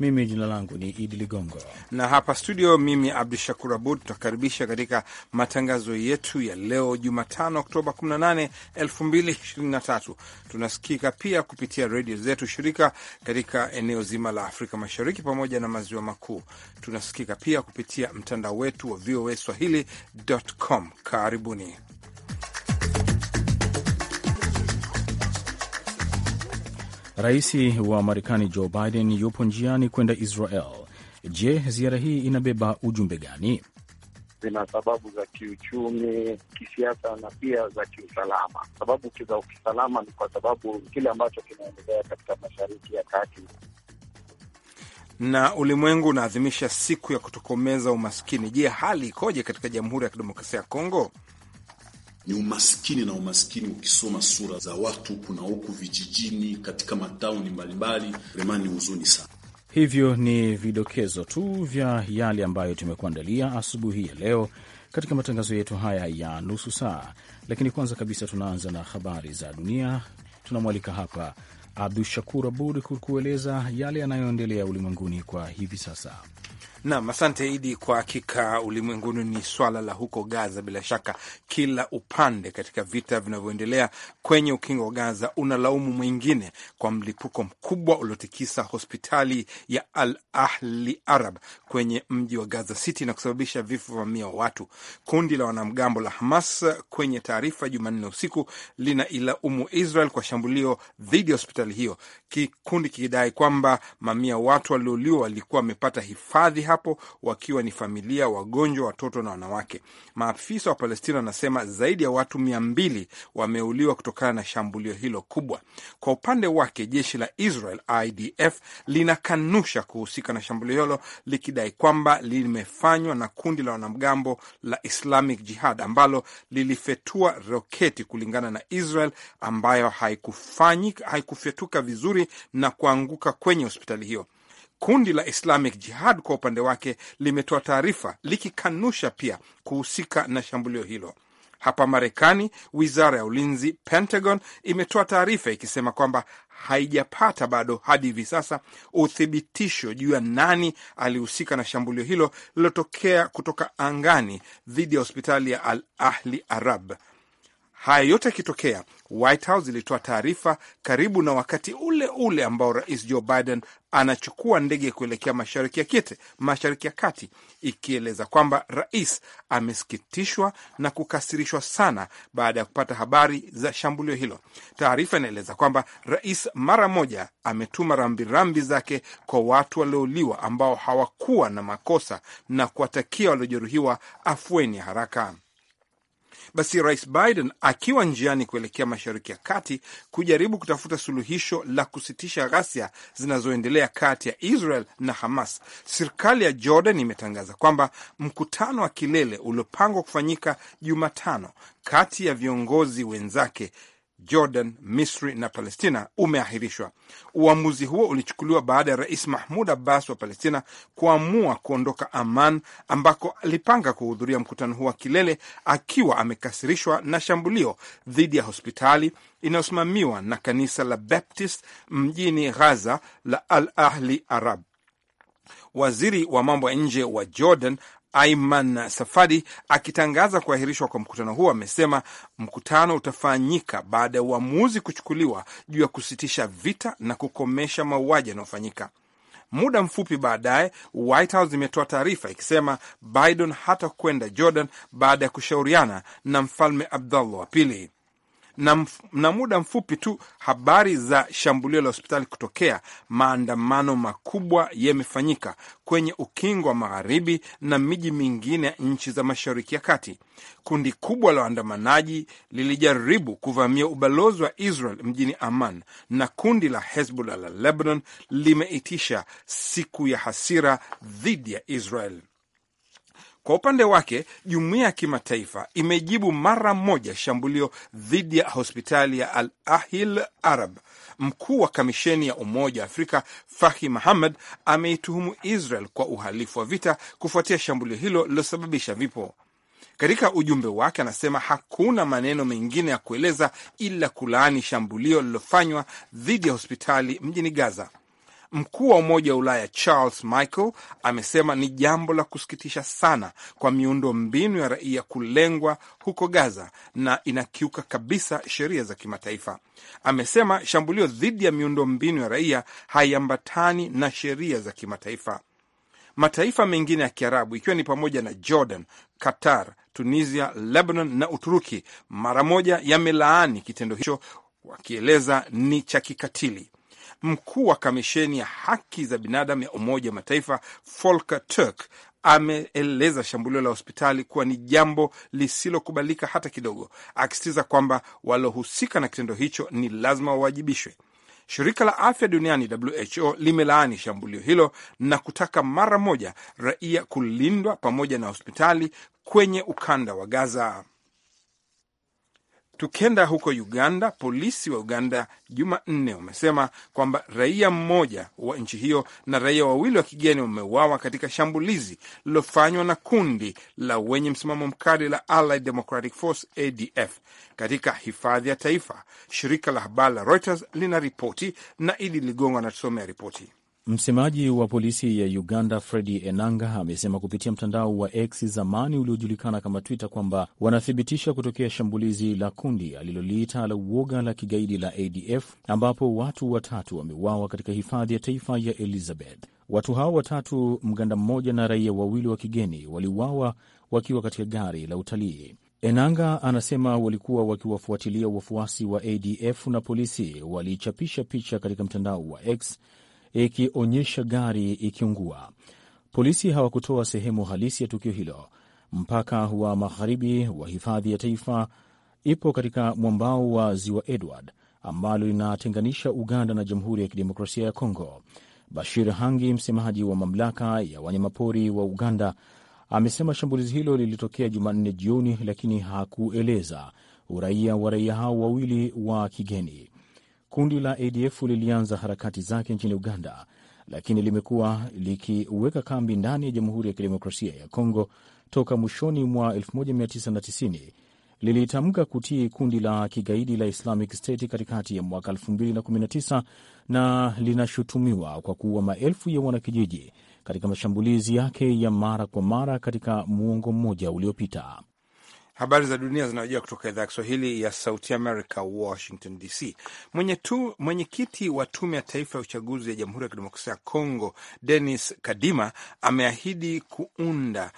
mimi jina langu ni Idi Ligongo na hapa studio, mimi Abdu Shakur Abud, tutakaribisha katika matangazo yetu ya leo Jumatano, Oktoba 18, 2023. Tunasikika pia kupitia redio zetu shirika katika eneo zima la Afrika Mashariki pamoja na maziwa makuu. Tunasikika pia kupitia mtandao wetu wa VOA Swahili.com. Karibuni. Rais wa Marekani Joe Biden yupo njiani kwenda Israel. Je, ziara hii inabeba ujumbe gani? Zina sababu za kiuchumi, kisiasa na pia za kiusalama. Sababu za ukisalama ni kwa sababu kile ambacho kinaendelea katika mashariki ya kati na ulimwengu unaadhimisha siku ya kutokomeza umaskini. Je, hali ikoje katika Jamhuri ya Kidemokrasia ya Kongo? ni umaskini na umaskini. Ukisoma sura za watu, kuna huku vijijini, katika matauni mbalimbali, remani ni huzuni sana. Hivyo ni vidokezo tu vya yale ambayo tumekuandalia asubuhi ya leo katika matangazo yetu haya ya nusu saa, lakini kwanza kabisa tunaanza na habari za dunia. Tunamwalika hapa Abdu Shakur Abud kukueleza yale yanayoendelea ulimwenguni kwa hivi sasa. Nam, asante Idi. Kwa hakika ulimwenguni ni swala la huko Gaza, bila shaka kila upande katika vita vinavyoendelea kwenye ukingo wa Gaza unalaumu mwingine kwa mlipuko mkubwa uliotikisa hospitali ya Al Ahli Arab kwenye mji wa Gaza City na kusababisha vifo vya mia wa watu. Kundi la wanamgambo la Hamas kwenye taarifa Jumanne usiku lina ilaumu Israel kwa shambulio dhidi ya hospitali hiyo kikundi kikidai kwamba mamia watu waliouliwa walikuwa wamepata hifadhi hapo wakiwa ni familia, wagonjwa, watoto na wanawake. Maafisa wa Palestina wanasema zaidi ya watu mia mbili wameuliwa kutokana na shambulio hilo kubwa. Kwa upande wake, jeshi la Israel IDF linakanusha kuhusika na shambulio hilo likidai kwamba limefanywa na kundi la wanamgambo la Islamic Jihad ambalo lilifetua roketi kulingana na Israel ambayo haikufanyika haikufyetuka vizuri Misri na kuanguka kwenye hospitali hiyo. Kundi la Islamic Jihad kwa upande wake limetoa taarifa likikanusha pia kuhusika na shambulio hilo. Hapa Marekani, wizara ya ulinzi Pentagon imetoa taarifa ikisema kwamba haijapata bado hadi hivi sasa uthibitisho juu ya nani alihusika na shambulio hilo lililotokea kutoka angani dhidi ya hospitali ya Al Ahli Arab Haya yote yakitokea, White House ilitoa taarifa karibu na wakati ule ule ambao Rais Joe Biden anachukua ndege kuelekea mashariki ya kete, mashariki ya kati, ikieleza kwamba rais amesikitishwa na kukasirishwa sana baada ya kupata habari za shambulio hilo. Taarifa inaeleza kwamba rais mara moja ametuma rambirambi zake kwa watu waliouliwa ambao hawakuwa na makosa na kuwatakia waliojeruhiwa afueni ya haraka. Basi Rais Biden akiwa njiani kuelekea Mashariki ya Kati kujaribu kutafuta suluhisho la kusitisha ghasia zinazoendelea kati ya Israel na Hamas, serikali ya Jordan imetangaza kwamba mkutano wa kilele uliopangwa kufanyika Jumatano kati ya viongozi wenzake Jordan, Misri na Palestina umeahirishwa. Uamuzi huo ulichukuliwa baada ya Rais Mahmud Abbas wa Palestina kuamua kuondoka aman ambako alipanga kuhudhuria mkutano huo wa kilele, akiwa amekasirishwa na shambulio dhidi ya hospitali inayosimamiwa na kanisa la Baptist mjini Ghaza la Al Ahli Arab. Waziri wa mambo ya nje wa Jordan Aiman Safadi akitangaza kuahirishwa kwa mkutano huo amesema mkutano utafanyika baada ya uamuzi kuchukuliwa juu ya kusitisha vita na kukomesha mauaji yanayofanyika. Muda mfupi baadaye, White House imetoa taarifa ikisema Biden hatakwenda Jordan baada ya kushauriana na Mfalme Abdullah wa Pili na, mf, na muda mfupi tu habari za shambulio la hospitali kutokea, maandamano makubwa yamefanyika kwenye ukingo wa magharibi na miji mingine ya nchi za mashariki ya kati. Kundi kubwa la waandamanaji lilijaribu kuvamia ubalozi wa Israel mjini Amman na kundi la Hezbollah la Lebanon limeitisha siku ya hasira dhidi ya Israel. Kwa upande wake, jumuiya ya kimataifa imejibu mara moja shambulio dhidi ya hospitali ya Al Ahil Arab. Mkuu wa kamisheni ya Umoja wa Afrika Fahi Mahamad ameituhumu Israel kwa uhalifu wa vita kufuatia shambulio hilo lililosababisha vipo. Katika ujumbe wake anasema hakuna maneno mengine ya kueleza ila kulaani shambulio lililofanywa dhidi ya hospitali mjini Gaza. Mkuu wa Umoja wa Ulaya Charles Michael amesema ni jambo la kusikitisha sana kwa miundo mbinu ya raia kulengwa huko Gaza na inakiuka kabisa sheria za kimataifa. Amesema shambulio dhidi ya miundo mbinu ya raia haiambatani na sheria za kimataifa. Mataifa mengine ya Kiarabu ikiwa ni pamoja na Jordan, Qatar, Tunisia, Lebanon na Uturuki mara moja yamelaani kitendo hicho wakieleza ni cha kikatili mkuu wa kamisheni ya haki za binadamu ya Umoja wa Mataifa Volker Turk ameeleza shambulio la hospitali kuwa ni jambo lisilokubalika hata kidogo, akisitiza kwamba walohusika na kitendo hicho ni lazima wawajibishwe. Shirika la afya duniani WHO limelaani shambulio hilo na kutaka mara moja raia kulindwa pamoja na hospitali kwenye ukanda wa Gaza. Tukenda huko Uganda, polisi wa Uganda Jumanne wamesema kwamba raia mmoja wa nchi hiyo na raia wawili wa kigeni wameuawa katika shambulizi lililofanywa na kundi la wenye msimamo mkali la Allied Democratic Force ADF katika hifadhi ya taifa, shirika la habari la Reuters ripoti na Idi Ligongo anatusomea ripoti. Msemaji wa polisi ya Uganda Fredi Enanga amesema kupitia mtandao wa X zamani uliojulikana kama Twitter kwamba wanathibitisha kutokea shambulizi la kundi aliloliita la uoga la kigaidi la ADF ambapo watu watatu wameuawa katika hifadhi ya taifa ya Elizabeth. Watu hao watatu, Mganda mmoja na raia wawili wa kigeni, waliuawa wakiwa katika gari la utalii. Enanga anasema walikuwa wakiwafuatilia wafuasi wa ADF na polisi walichapisha picha katika mtandao wa X ikionyesha gari ikiungua. Polisi hawakutoa sehemu halisi ya tukio hilo. Mpaka wa magharibi wa hifadhi ya taifa ipo katika mwambao wa ziwa Edward ambalo linatenganisha Uganda na Jamhuri ya Kidemokrasia ya Kongo. Bashir Hangi, msemaji wa mamlaka ya wanyamapori wa Uganda, amesema shambulizi hilo lilitokea Jumanne jioni, lakini hakueleza uraia wa raia hao wawili wa kigeni. Kundi la ADF lilianza harakati zake nchini Uganda, lakini limekuwa likiweka kambi ndani ya Jamhuri ya Kidemokrasia ya Kongo toka mwishoni mwa 1990. Lilitamka kutii kundi la kigaidi la Islamic State katikati ya mwaka 2019 na linashutumiwa kwa kuua maelfu ya wanakijiji katika mashambulizi yake ya mara kwa mara katika muongo mmoja uliopita. Habari za dunia zinaojia kutoka idhaa ya Kiswahili ya Sauti Amerika, Washington DC. Mwenyekiti mwenye wa Tume ya Taifa ya Uchaguzi ya Jamhuri ya Kidemokrasia ya Kongo, Denis Kadima, ameahidi kuunda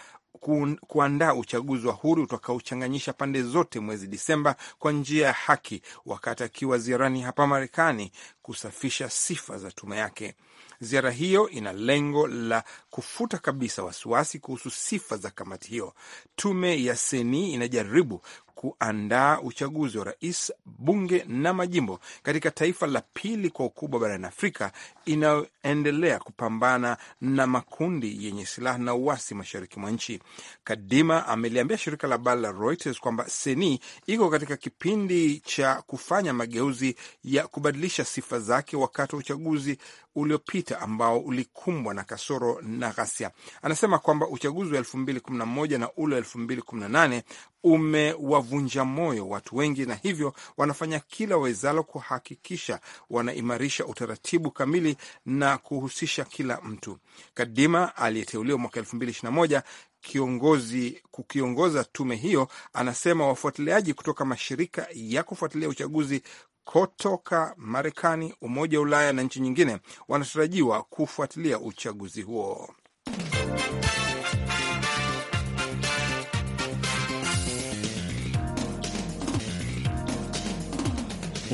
kuandaa uchaguzi wa huru utakaochanganyisha pande zote mwezi Disemba kwa njia ya haki, wakati akiwa ziarani hapa Marekani kusafisha sifa za tume yake. Ziara hiyo ina lengo la kufuta kabisa wasiwasi kuhusu sifa za kamati hiyo. Tume ya Seni inajaribu kuandaa uchaguzi wa rais, bunge na majimbo katika taifa la pili kwa ukubwa barani Afrika inayoendelea kupambana na makundi yenye silaha na uasi mashariki mwa nchi. Kadima ameliambia shirika la habari la Reuters kwamba Seni iko katika kipindi cha kufanya mageuzi ya kubadilisha sifa zake wakati wa uchaguzi uliopita ambao ulikumbwa na kasoro na ghasia. Anasema kwamba uchaguzi wa elfu mbili kumi na moja na ule wa elfu mbili kumi na nane umewavunja moyo watu wengi, na hivyo wanafanya kila wawezalo kuhakikisha wanaimarisha utaratibu kamili na kuhusisha kila mtu. Kadima aliyeteuliwa mwaka elfu mbili ishirini na moja kiongozi kukiongoza tume hiyo anasema wafuatiliaji kutoka mashirika ya kufuatilia uchaguzi kutoka Marekani, Umoja wa Ulaya na nchi nyingine wanatarajiwa kufuatilia uchaguzi huo.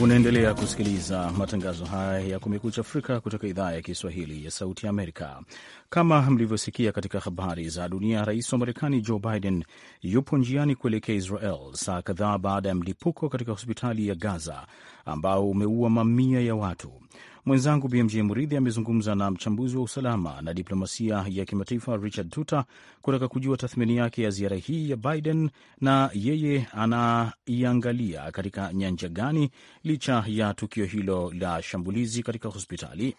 Unaendelea kusikiliza matangazo haya ya Kumekucha Afrika kutoka idhaa ya Kiswahili ya Sauti ya Amerika. Kama mlivyosikia katika habari za dunia, rais wa Marekani Joe Biden yupo njiani kuelekea Israel saa kadhaa baada ya mlipuko katika hospitali ya Gaza ambao umeua mamia ya watu. Mwenzangu BMJ Muridhi amezungumza na mchambuzi wa usalama na diplomasia ya kimataifa Richard tute kutaka kujua tathmini yake ya ziara hii ya Biden na yeye anaiangalia katika nyanja gani licha ya tukio hilo la shambulizi katika hospitali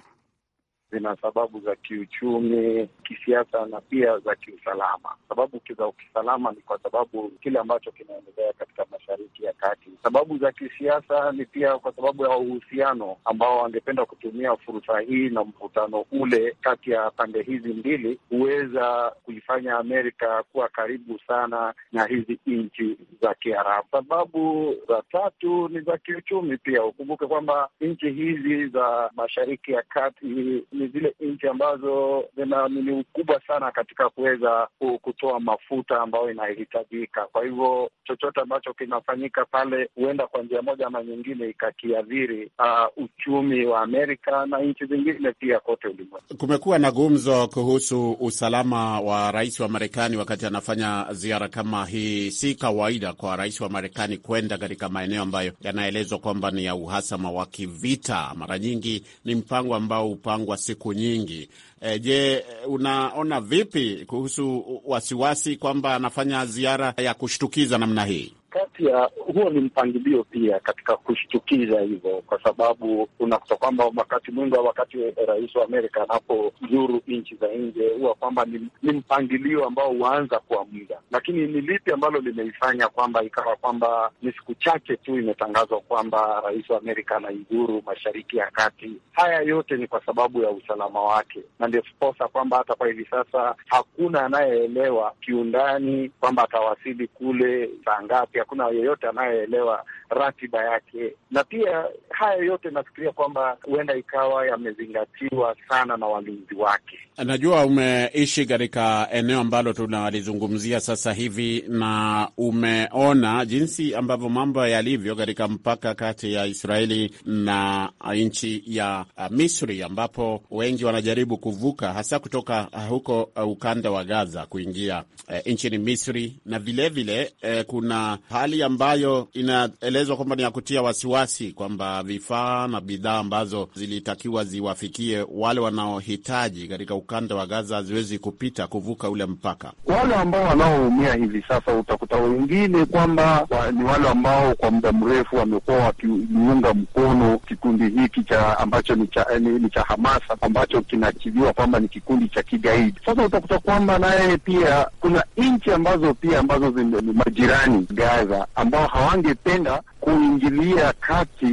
zina sababu za kiuchumi, kisiasa na pia za kiusalama. Sababu za kiusalama ni kwa sababu kile ambacho kinaendelea katika Mashariki ya Kati. Sababu za kisiasa ni pia kwa sababu ya uhusiano ambao wangependa kutumia fursa hii na mkutano ule kati ya pande hizi mbili huweza kuifanya Amerika kuwa karibu sana na hizi nchi za Kiarabu. Sababu za tatu ni za kiuchumi pia. Ukumbuke kwamba nchi hizi za Mashariki ya Kati ni zile nchi ambazo zina ukubwa sana katika kuweza kutoa mafuta ambayo inahitajika. Kwa hivyo chochote ambacho kinafanyika pale huenda kwa njia moja ama nyingine ikakiadhiri uh, ah, uchumi wa Amerika na nchi zingine pia kote ulimwengu. Kumekuwa na gumzo kuhusu usalama wa rais wa Marekani wakati anafanya ziara kama hii. Si kawaida kwa rais wa Marekani kwenda katika maeneo ambayo yanaelezwa kwamba ni ya uhasama wa kivita. Mara nyingi ni mpango ambao hupangwa siku nyingi. E, je, unaona vipi kuhusu wasiwasi kwamba anafanya ziara ya kushtukiza namna hii? kati ya huo ni mpangilio pia katika kushtukiza hivyo, kwa sababu unakuta kwamba wakati mwingi a wakati rais wa Amerika anapozuru nchi za nje huwa kwamba ni, ni mpangilio ambao huanza kwa muda, lakini ni lipi ambalo limeifanya kwamba ikawa kwamba ni siku chache tu imetangazwa kwamba rais wa Amerika anaizuru mashariki ya kati. Haya yote ni kwa sababu ya usalama wake, na ndio posa kwamba hata kwa hivi sasa hakuna anayeelewa kiundani kwamba atawasili kule saa ngapi hakuna yeyote anayeelewa ratiba yake, na pia haya yote nafikiria kwamba huenda ikawa yamezingatiwa sana na walinzi wake. Najua umeishi katika eneo ambalo tunalizungumzia sasa hivi na umeona jinsi ambavyo mambo yalivyo katika mpaka kati ya Israeli na nchi ya Misri, ambapo wengi wanajaribu kuvuka hasa kutoka huko ukanda wa Gaza kuingia eh, nchini Misri na vilevile vile, eh, kuna hali ambayo inaelezwa kwamba ni ya kutia wasiwasi kwamba vifaa na bidhaa ambazo zilitakiwa ziwafikie wale wanaohitaji katika ukanda wa Gaza haziwezi kupita kuvuka ule mpaka. Wale ambao wanaoumia hivi sasa, utakuta wengine kwamba wa, ni wale ambao kwa muda mrefu wamekuwa wakiunga mkono kikundi hiki cha ambacho ni cha, ni, ni cha Hamasa ambacho kinaachiliwa kwamba ni kikundi cha kigaidi. Sasa utakuta kwamba naye pia kuna nchi ambazo pia ambazo zime, majirani Gaza Uingereza ambao hawangependa kuingilia kati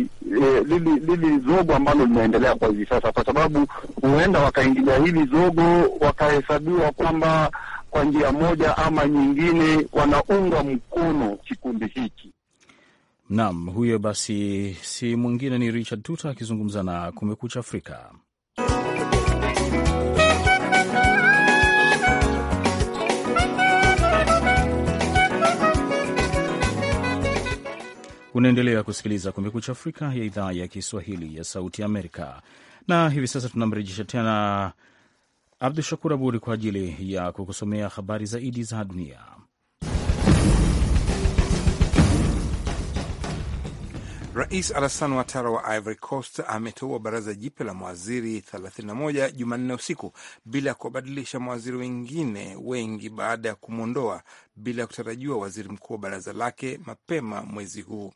eh, lili, lili zogo ambalo linaendelea kwa hivi sasa, kwa sababu huenda wakaingilia hili zogo wakahesabiwa kwamba kwa njia moja ama nyingine wanaunga mkono kikundi hiki. Naam, huyo basi si mwingine ni Richard Tuta akizungumza na Kumekucha Afrika. Unaendelea kusikiliza Kumekucha Afrika ya idhaa ya Kiswahili ya Sauti Amerika, na hivi sasa tunamrejesha tena Abdu Shakur Aburi kwa ajili ya kukusomea habari zaidi za dunia. Rais Alassane Ouattara wa Ivory Coast ameteua baraza jipya la mawaziri 31 Jumanne usiku bila ya kuwabadilisha mawaziri wengine wengi baada ya kumwondoa bila ya kutarajiwa waziri mkuu wa baraza lake mapema mwezi huu.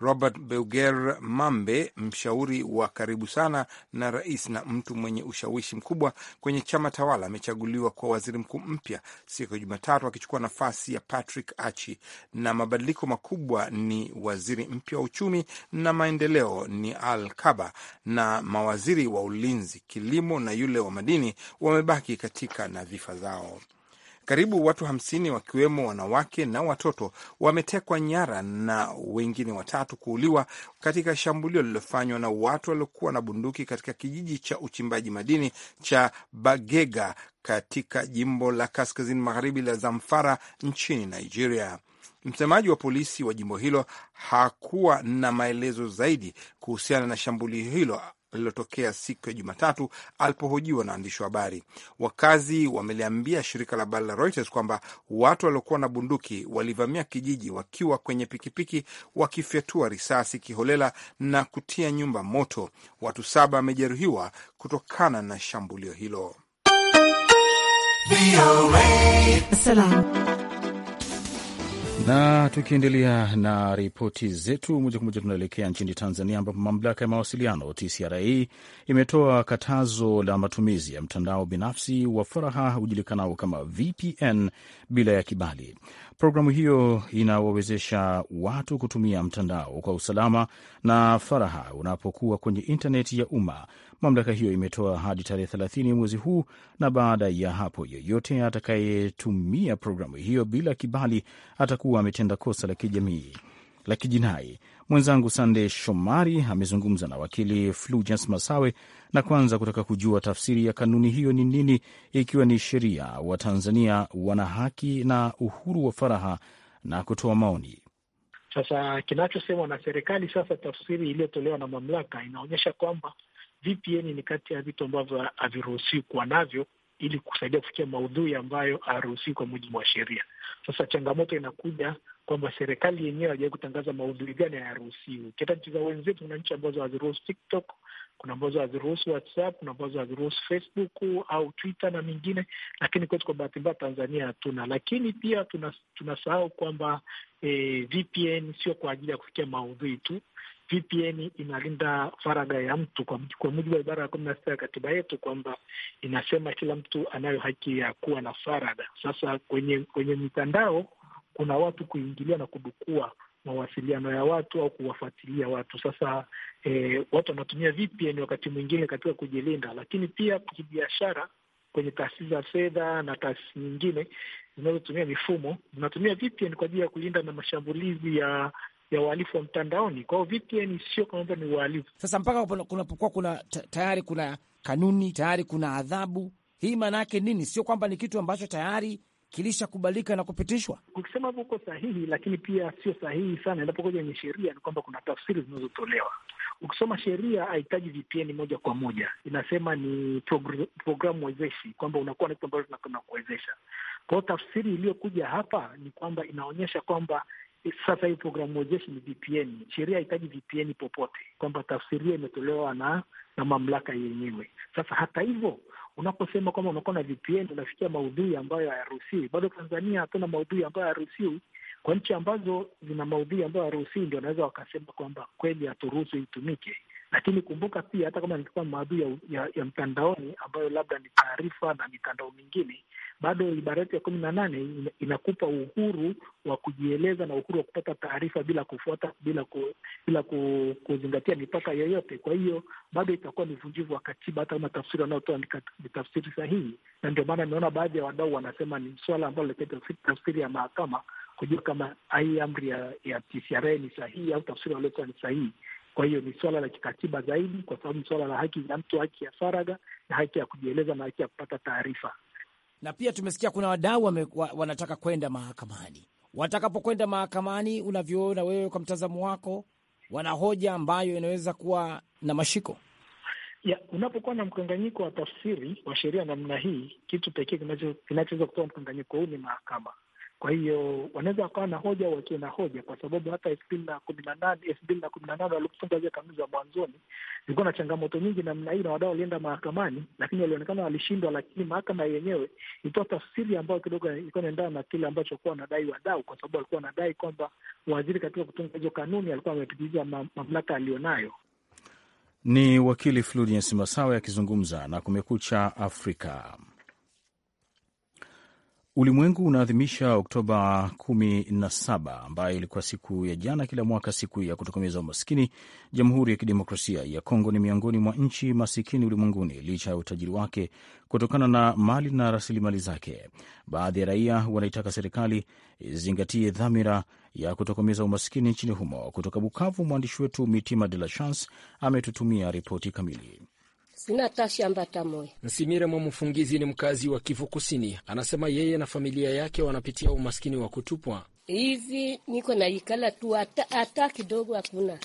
Robert Beuger Mambe, mshauri wa karibu sana na rais na mtu mwenye ushawishi mkubwa kwenye chama tawala, amechaguliwa kwa waziri mkuu mpya siku ya Jumatatu, akichukua nafasi ya Patrick Achi. Na mabadiliko makubwa ni waziri mpya wa uchumi na maendeleo ni Al Kaba, na mawaziri wa ulinzi, kilimo na yule wa madini wamebaki katika nadhifa zao. Karibu watu hamsini wakiwemo wanawake na watoto wametekwa nyara na wengine watatu kuuliwa katika shambulio lililofanywa na watu waliokuwa na bunduki katika kijiji cha uchimbaji madini cha Bagega katika jimbo la kaskazini magharibi la Zamfara nchini Nigeria. Msemaji wa polisi wa jimbo hilo hakuwa na maelezo zaidi kuhusiana na shambulio hilo lililotokea siku ya Jumatatu alipohojiwa na waandishi wa habari. Wakazi wameliambia shirika la habari la Reuters kwamba watu waliokuwa na bunduki walivamia kijiji wakiwa kwenye pikipiki, wakifyatua risasi kiholela na kutia nyumba moto. Watu saba wamejeruhiwa kutokana na shambulio hilo. Na tukiendelea na ripoti zetu moja kwa moja, tunaelekea nchini Tanzania ambapo mamlaka ya mawasiliano TCRA imetoa katazo la matumizi ya mtandao binafsi wa faraha ujulikanao kama VPN bila ya kibali. Programu hiyo inawawezesha watu kutumia mtandao kwa usalama na faraha unapokuwa kwenye intaneti ya umma Mamlaka hiyo imetoa hadi tarehe 30 mwezi huu, na baada ya hapo yeyote atakayetumia programu hiyo bila kibali atakuwa ametenda kosa la kijamii la kijinai. Mwenzangu Sande Shomari amezungumza na wakili Flujens Masawe na kwanza kutaka kujua tafsiri ya kanuni hiyo ni nini, ikiwa ni sheria wa Tanzania wana haki na uhuru wa faraha na kutoa maoni. Sasa kinachosemwa na serikali, sasa tafsiri iliyotolewa na mamlaka inaonyesha kwamba VPN ni kati ya vitu ambavyo haviruhusiwi kuwa navyo ili kusaidia kufikia maudhui ambayo haruhusiwi kwa mujibu wa sheria. Sasa changamoto inakuja kwamba serikali yenyewe hajawai kutangaza maudhui gani hayaruhusiwi. Ukienda nchi za wenzetu, kuna nchi ambazo haziruhusu TikTok, kuna ambazo haziruhusu WhatsApp, kuna ambazo haziruhusu Facebook au Twitter na mingine, lakini kwetu kwa bahati mbaya Tanzania hatuna. Lakini pia tunasahau tuna kwamba eh, VPN sio kwa ajili ya kufikia maudhui tu VPN inalinda faragha ya mtu kwa, kwa mujibu wa ibara ya kumi na sita ya katiba yetu kwamba inasema kila mtu anayo haki ya kuwa na faragha. Sasa kwenye kwenye mitandao kuna watu kuingilia na kudukua mawasiliano ya watu au kuwafuatilia watu. Sasa e, watu wanatumia VPN wakati mwingine katika kujilinda, lakini pia kibiashara kwenye taasisi za fedha na taasisi nyingine zinazotumia mifumo zinatumia VPN kwa ajili ya kulinda na mashambulizi ya ya uhalifu wa mtandaoni. Kwa hiyo VPN sio kwamba ni uhalifu. Sasa mpaka kunapokuwa kuna tayari kuna kanuni tayari kuna adhabu, hii maana yake nini? Sio kwamba ni kitu ambacho tayari kilishakubalika na kupitishwa. Ukisema hivyo uko sahihi, lakini pia sio sahihi sana. Inapokuja kwenye sheria, ni kwamba kuna tafsiri zinazotolewa. Ukisoma sheria haihitaji VPN moja kwa moja, inasema ni progr programu wezeshi, kwamba unakuwa na kitu ambacho tunakuwezesha. Kwa hiyo tafsiri iliyokuja hapa ni kwamba inaonyesha kwamba Eh, sasa hii programu wejeshi ni VPN. Sheria haitaji VPN popote, kwamba tafsiria imetolewa na na mamlaka yenyewe. Sasa hata hivyo, unaposema kwamba unakuwa na VPN unafikia maudhui ambayo hayaruhusiwi. Bado Tanzania hatuna maudhui ambayo hayaruhusiwi. Kwa nchi ambazo zina maudhui ambayo hayaruhusiwi, ndio wanaweza wakasema kwamba kweli haturuhusu itumike. Lakini kumbuka pia, hata kama nilikuwa maadui ya, ya, ya mtandaoni ambayo labda ni taarifa na mitandao mingine bado ibara yetu ya kumi na nane inakupa uhuru wa kujieleza na uhuru wa kupata taarifa bila kufuata bila ku, bila ku, kuzingatia mipaka yoyote. Kwa hiyo bado itakuwa ni vunjivu wa katiba, hata kama tafsiri wanaotoa ni tafsiri sahihi, na ndio maana imeona baadhi ya wadau wanasema ni swala ambalo tafsiri ya mahakama kujua kama hii amri ya, ya TCRA ni sahihi au tafsiri waliotoa ni sahihi. Kwa hiyo ni swala la kikatiba zaidi, kwa sababu ni swala la haki ya mtu, haki ya faraga na haki ya kujieleza na haki ya kupata taarifa na pia tumesikia kuna wadau wa, wanataka kwenda mahakamani. Watakapokwenda mahakamani, unavyoona wewe kwa mtazamo wako, wana hoja ambayo inaweza kuwa na mashiko ya unapokuwa na mkanganyiko wa tafsiri wa sheria namna hii, kitu pekee kinachoweza kutoa mkanganyiko huu ni mahakama. Kwa hiyo wanaweza wakawa na hoja wakiwa na hoja, kwa sababu hata elfu mbili na kumi na nane elfu mbili na kumi na nane walipofunga zile kanuni za mwanzoni zilikuwa na changamoto nyingi namna hii, na wadau walienda mahakamani, lakini walionekana walishindwa, lakini mahakama yenyewe ilitoa tafsiri ambayo kidogo ilikuwa inaendana na kile ambacho kuwa wanadai wadau, kwa sababu walikuwa wanadai kwamba waziri katika kutunga hizo kanuni alikuwa amepitiliza mamlaka aliyonayo. Ni wakili Florians Masawe akizungumza na Kumekucha Afrika. Ulimwengu unaadhimisha Oktoba 17 ambayo ilikuwa siku ya jana kila mwaka, siku ya kutokomeza umaskini. Jamhuri ya Kidemokrasia ya Kongo ni miongoni mwa nchi masikini ulimwenguni licha ya utajiri wake kutokana na mali na rasilimali zake. Baadhi ya raia wanaitaka serikali izingatie dhamira ya kutokomeza umaskini nchini humo. Kutoka Bukavu, mwandishi wetu Mitima De La Chance ametutumia ripoti kamili sina hata shamba hata moya. Nsimire ni mkazi wa Kivu Kusini, anasema yeye na familia yake wanapitia umaskini wa kutupwa. Hivi niko naikala tu hata kidogo hakuna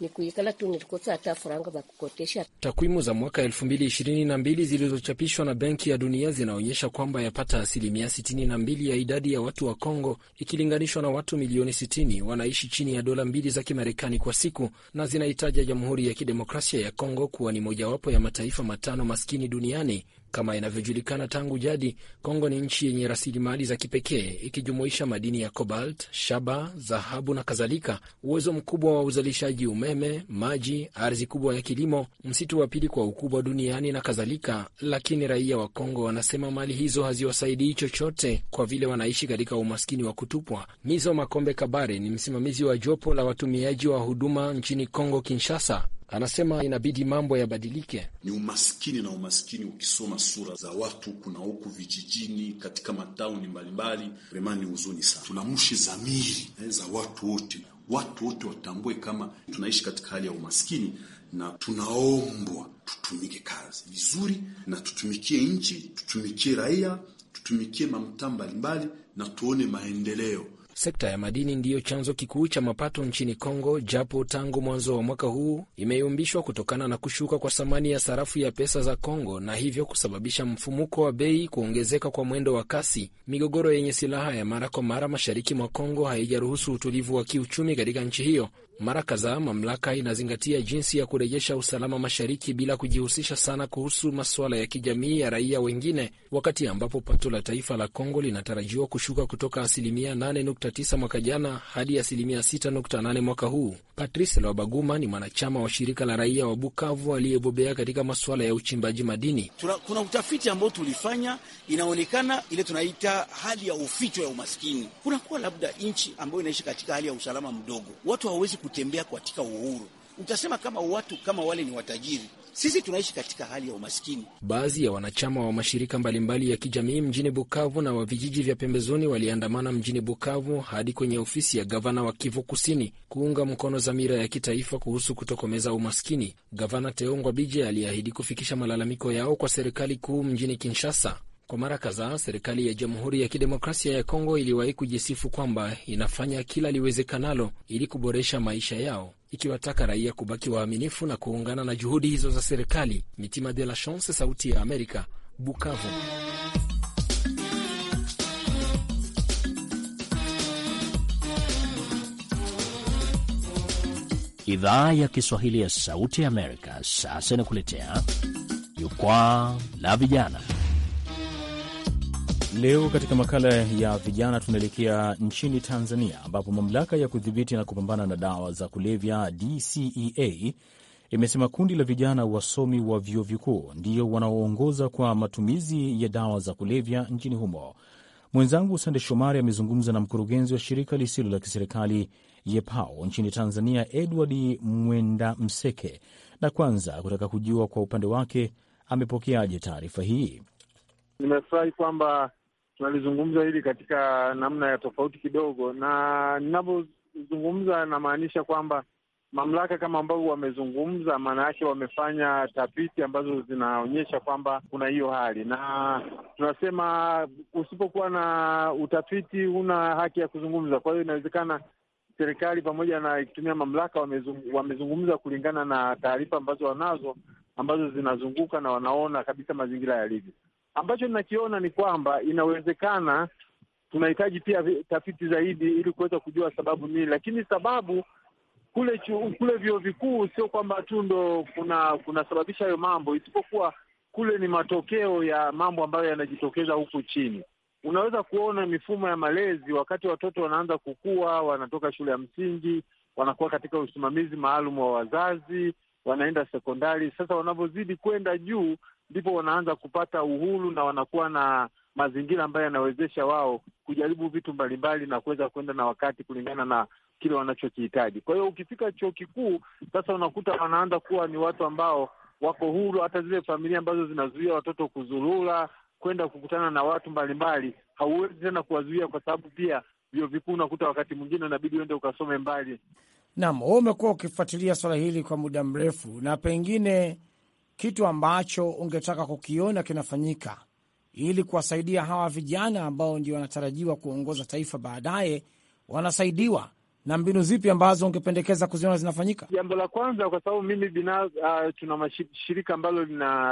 ni kuikala tu nilikosa hata faranga za kukotesha. Takwimu za mwaka elfu mbili ishirini na mbili zilizochapishwa na Benki ya Dunia zinaonyesha kwamba yapata asilimia sitini na mbili ya idadi ya watu wa Kongo ikilinganishwa na watu milioni sitini wanaishi chini ya dola mbili za Kimarekani kwa siku, na zinahitaja Jamhuri ya Kidemokrasia ya Kongo kuwa ni mojawapo ya mataifa matano maskini duniani kama inavyojulikana tangu jadi, Kongo ni nchi yenye rasilimali za kipekee ikijumuisha madini ya cobalt, shaba, dhahabu na kadhalika, uwezo mkubwa wa uzalishaji umeme, maji, ardhi kubwa ya kilimo, msitu wa pili kwa ukubwa duniani na kadhalika. Lakini raia wa Kongo wanasema mali hizo haziwasaidii chochote kwa vile wanaishi katika umaskini wa kutupwa. Mizo Makombe Kabare ni msimamizi wa jopo la watumiaji wa huduma nchini Kongo Kinshasa. Anasema inabidi mambo yabadilike. Ni umaskini na umaskini, ukisoma sura za watu, kuna huku vijijini, katika matauni mbalimbali, remani huzuni sana. Tunamshi zamiri eh, za watu wote, watu wote watambue kama tunaishi katika hali ya umaskini na tunaombwa tutumike kazi vizuri na tutumikie nchi, tutumikie raia, tutumikie mamtaa mbalimbali na tuone maendeleo. Sekta ya madini ndiyo chanzo kikuu cha mapato nchini Kongo, japo tangu mwanzo wa mwaka huu imeyumbishwa kutokana na kushuka kwa thamani ya sarafu ya pesa za Kongo na hivyo kusababisha mfumuko wa bei kuongezeka kwa mwendo wa kasi. Migogoro yenye silaha ya mara kwa mara mashariki mwa Kongo haijaruhusu utulivu wa kiuchumi katika nchi hiyo. Mara kadhaa mamlaka inazingatia jinsi ya kurejesha usalama mashariki bila kujihusisha sana kuhusu masuala ya kijamii ya raia wengine, wakati ambapo pato la taifa la Kongo linatarajiwa kushuka kutoka asilimia 8.9 mwaka jana hadi asilimia 6.8 mwaka huu. Patrice Lwabaguma ni mwanachama wa shirika la raia wa Bukavu aliyebobea katika masuala ya uchimbaji madini. Tuna, kuna utafiti ambao tulifanya, inaonekana ile tunaita hali ya uficho ya umaskini. Kunakuwa labda nchi ambayo inaishi katika hali ya usalama mdogo, watu hawawezi kutembea katika uhuru. Utasema kama watu kama wale ni watajiri, sisi tunaishi katika hali ya umaskini. Baadhi ya wanachama wa mashirika mbalimbali ya kijamii mjini Bukavu na wa vijiji vya pembezoni waliandamana mjini Bukavu hadi kwenye ofisi ya gavana wa Kivu Kusini kuunga mkono dhamira ya kitaifa kuhusu kutokomeza umaskini. Gavana Teongwa Bije aliahidi kufikisha malalamiko yao kwa serikali kuu mjini Kinshasa. Kwa mara kadhaa serikali ya Jamhuri ya Kidemokrasia ya Kongo iliwahi kujisifu kwamba inafanya kila liwezekanalo ili kuboresha maisha yao, ikiwataka raia kubaki waaminifu na kuungana na juhudi hizo za serikali. Mitima de la Chance, Sauti ya Amerika, Bukavu. Idhaa ya Kiswahili ya Sauti ya Amerika sasa inakuletea Jukwaa la Vijana. Leo katika makala ya vijana tunaelekea nchini Tanzania, ambapo mamlaka ya kudhibiti na kupambana na dawa za kulevya DCEA imesema kundi la vijana wasomi wa vyuo vikuu ndio wanaoongoza kwa matumizi ya dawa za kulevya nchini humo. Mwenzangu Sande Shomari amezungumza na mkurugenzi wa shirika lisilo la kiserikali YEPAO nchini Tanzania, Edward Mwenda Mseke, na kwanza kutaka kujua kwa upande wake amepokeaje taarifa hii. Nimefurahi kwamba tunalizungumza hili katika namna ya tofauti kidogo, na ninavyozungumza namaanisha kwamba mamlaka kama ambavyo wamezungumza, maana yake wamefanya tafiti ambazo zinaonyesha kwamba kuna hiyo hali, na tunasema usipokuwa na utafiti huna haki ya kuzungumza. Kwa hiyo inawezekana serikali pamoja na ikitumia mamlaka wamezungumza kulingana na taarifa ambazo wanazo ambazo zinazunguka na wanaona kabisa mazingira yalivyo. Ambacho ninakiona ni kwamba inawezekana tunahitaji pia tafiti zaidi ili kuweza kujua sababu nini, lakini sababu kule chu, kule vyuo vikuu sio kwamba tu ndo kuna kunasababisha hayo mambo, isipokuwa kule ni matokeo ya mambo ambayo yanajitokeza huku chini. Unaweza kuona mifumo ya malezi, wakati watoto wanaanza kukua, wanatoka shule ya msingi, wanakuwa katika usimamizi maalum wa wazazi, wanaenda sekondari. Sasa wanavyozidi kwenda juu, ndipo wanaanza kupata uhuru na wanakuwa na mazingira ambayo yanawezesha wao kujaribu vitu mbalimbali na kuweza kuenda na wakati kulingana na kile wanachokihitaji. Kwa hiyo ukifika chuo kikuu sasa, unakuta wanaanza kuwa ni watu ambao wako huru. Hata zile familia ambazo zinazuia watoto kuzurura, kwenda kukutana na watu mbalimbali, hauwezi tena kuwazuia, kwa sababu pia vyuo vikuu unakuta wakati mwingine unabidi uende ukasome mbali. Naam, wewe umekuwa ukifuatilia swala hili kwa muda mrefu, na pengine kitu ambacho ungetaka kukiona kinafanyika ili kuwasaidia hawa vijana ambao ndio wanatarajiwa kuongoza taifa baadaye, wanasaidiwa na mbinu zipi ambazo ungependekeza kuziona zinafanyika? Jambo la kwanza, kwa sababu mimi binafsi uh, ah, tuna shirika ambalo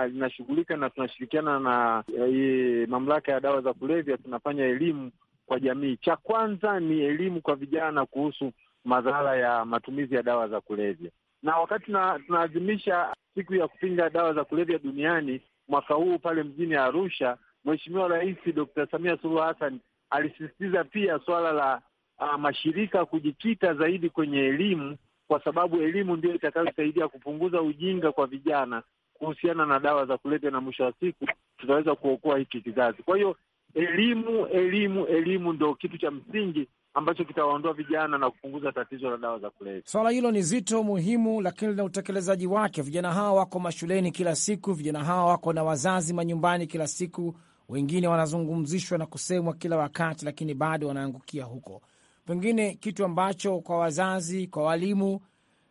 linashughulika lina na tunashirikiana na uh, mamlaka ya dawa za kulevya, tunafanya elimu kwa jamii. Cha kwanza ni elimu kwa vijana kuhusu madhara ya matumizi ya dawa za kulevya. Na wakati tunaadhimisha siku ya kupinga dawa za kulevya duniani mwaka huu pale mjini Arusha, Mheshimiwa Rais Dr. Samia Suluhu Hassan alisisitiza pia suala la uh, mashirika kujikita zaidi kwenye elimu, kwa sababu elimu ndio itakayosaidia kupunguza ujinga kwa vijana kuhusiana na dawa za kulevya, na mwisho wa siku tutaweza kuokoa hiki kizazi. Kwa hiyo elimu, elimu, elimu ndo kitu cha msingi ambacho kitawaondoa vijana na kupunguza tatizo la dawa za kulevya. Swala hilo ni zito, muhimu, lakini lina utekelezaji wake. Vijana hawa wako mashuleni kila siku, vijana hawa wako na wazazi manyumbani kila siku, wengine wanazungumzishwa na kusemwa kila wakati, lakini bado wanaangukia huko. Pengine kitu ambacho kwa wazazi, kwa walimu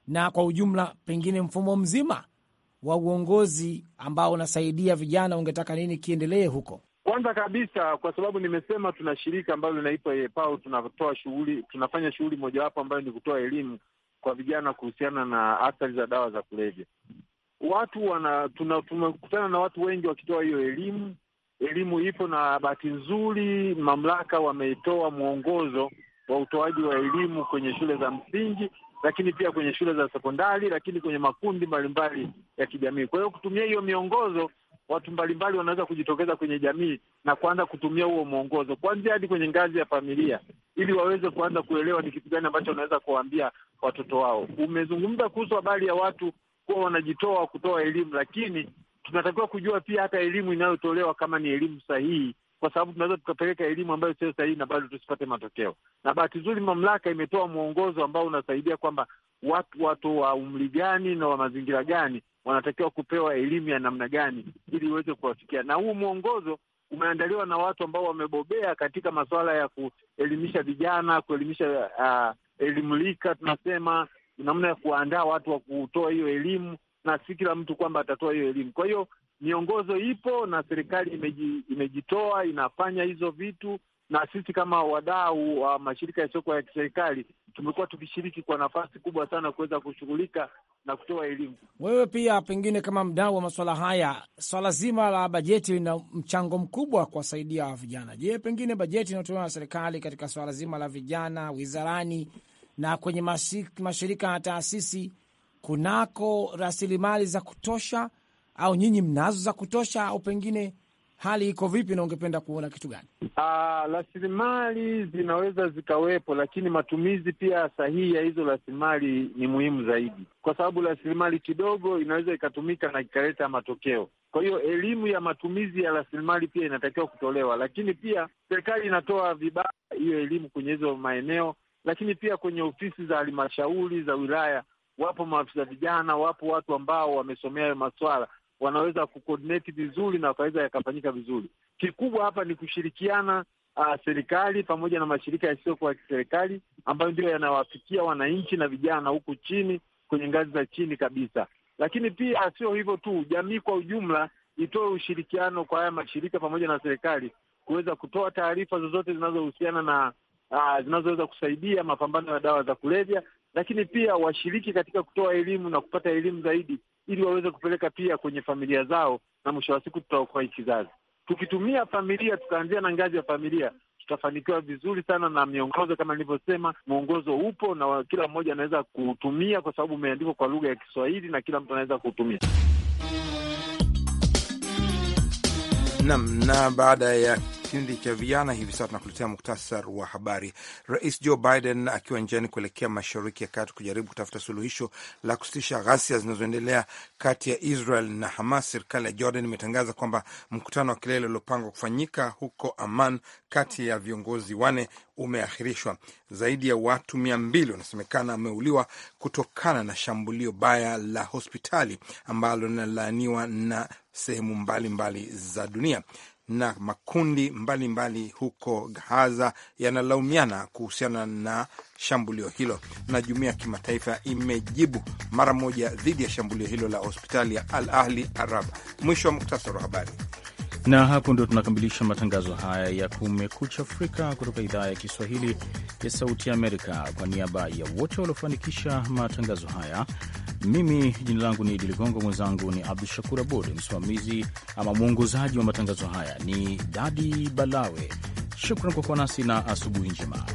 na kwa ujumla, pengine mfumo mzima wa uongozi ambao unasaidia vijana, ungetaka nini kiendelee huko? Kwanza kabisa, kwa sababu nimesema tuna shirika ambalo linaitwa EPAU, tunatoa shughuli, tunafanya shughuli mojawapo ambayo ni kutoa elimu kwa vijana kuhusiana na athari za dawa za kulevya. Watu wana tumekutana na watu wengi wakitoa hiyo elimu. Elimu ipo, na bahati nzuri mamlaka wameitoa mwongozo wa utoaji wa elimu kwenye shule za msingi, lakini pia kwenye shule za sekondari, lakini kwenye makundi mbalimbali ya kijamii. Kwa hiyo kutumia hiyo miongozo watu mbalimbali wanaweza kujitokeza kwenye jamii na kuanza kutumia huo mwongozo kuanzia hadi kwenye ngazi ya familia, ili waweze kuanza kuelewa ni kitu gani ambacho wanaweza kuwaambia watoto wao. Umezungumza kuhusu habari ya watu kuwa wanajitoa kutoa elimu, lakini tunatakiwa kujua pia hata elimu inayotolewa kama ni elimu sahihi, kwa sababu tunaweza tukapeleka elimu ambayo sio sahihi na bado tusipate matokeo. Na bahati nzuri, mamlaka imetoa mwongozo ambao unasaidia kwamba watu, watu wa umri gani na wa mazingira gani wanatakiwa kupewa elimu ya namna gani ili iweze kuwafikia. Na huu mwongozo umeandaliwa na watu ambao wamebobea katika masuala ya kuelimisha vijana, kuelimisha uh, elimu lika, tunasema namna ya kuwaandaa watu wa kutoa hiyo elimu, na si kila mtu kwamba atatoa hiyo elimu. Kwa hiyo miongozo ipo na serikali imejitoa inafanya hizo vitu na sisi kama wadau wa mashirika yasiyokuwa ya kiserikali tumekuwa tukishiriki kwa nafasi kubwa sana kuweza kushughulika na kutoa elimu. Wewe pia pengine kama mdau wa masuala haya, swala zima la bajeti lina mchango mkubwa kuwasaidia vijana. Je, pengine bajeti inayotolewa na serikali katika swala zima la vijana wizarani na kwenye mashirika ya taasisi, kunako rasilimali za kutosha, au nyinyi mnazo za kutosha, au pengine hali iko vipi na ungependa kuona kitu gani? Ah, rasilimali zinaweza zikawepo, lakini matumizi pia sahihi ya hizo rasilimali ni muhimu zaidi, kwa sababu rasilimali kidogo inaweza ikatumika na ikaleta matokeo. Kwa hiyo elimu ya matumizi ya rasilimali pia inatakiwa kutolewa, lakini pia serikali inatoa vibaya hiyo elimu kwenye hizo maeneo, lakini pia kwenye ofisi za halmashauri za wilaya wapo maafisa vijana, wapo watu ambao wamesomea hayo maswala wanaweza ku vizuri na wakaweza yakafanyika vizuri. Kikubwa hapa ni kushirikiana uh, serikali pamoja na mashirika yasiyokuwa ya kiserikali ambayo ndio yanawafikia wananchi na vijana huku chini kwenye ngazi za chini kabisa. Lakini pia sio hivyo tu, jamii kwa ujumla itoe ushirikiano kwa haya mashirika pamoja na serikali kuweza kutoa taarifa zozote zinazohusiana na uh, zinazoweza kusaidia mapambano ya dawa za kulevya, lakini pia washiriki katika kutoa elimu na kupata elimu zaidi ili waweze kupeleka pia kwenye familia zao, na mwisho wa siku tutaokoa hii kizazi. Tukitumia familia, tukaanzia na ngazi ya familia, tutafanikiwa vizuri sana. Na miongozo kama nilivyosema, mwongozo upo na kila mmoja anaweza kuutumia kwa sababu umeandikwa kwa lugha ya Kiswahili na kila mtu anaweza kuutumia. Nam na baada ya kipindi cha vijana hivi sasa tunakuletea muktasar wa habari. Rais Joe Biden akiwa njiani kuelekea mashariki ya kati kujaribu kutafuta suluhisho la kusitisha ghasia zinazoendelea kati ya Israel na Hamas, serikali ya Jordan imetangaza kwamba mkutano wa kilele uliopangwa kufanyika huko aman kati ya viongozi wane umeahirishwa. Zaidi ya watu mia mbili wanasemekana wameuliwa kutokana na shambulio baya la hospitali ambalo linalaaniwa na sehemu mbalimbali za dunia na makundi mbalimbali mbali huko Gaza yanalaumiana kuhusiana na shambulio hilo, na jumuiya ya kimataifa imejibu mara moja dhidi ya shambulio hilo la hospitali ya Al Ahli Arab. Mwisho wa muktasari wa habari. Na hapo ndio tunakamilisha matangazo haya ya Kumekucha Afrika kutoka idhaa ya Kiswahili ya Sauti Amerika. Kwa niaba ya wote waliofanikisha matangazo haya, mimi jina langu ni Idi Ligongo, mwenzangu ni Abdu Shakur Abud, msimamizi ama mwongozaji wa matangazo haya ni Dadi Balawe. Shukran kwa kuwa nasi na asubuhi njema.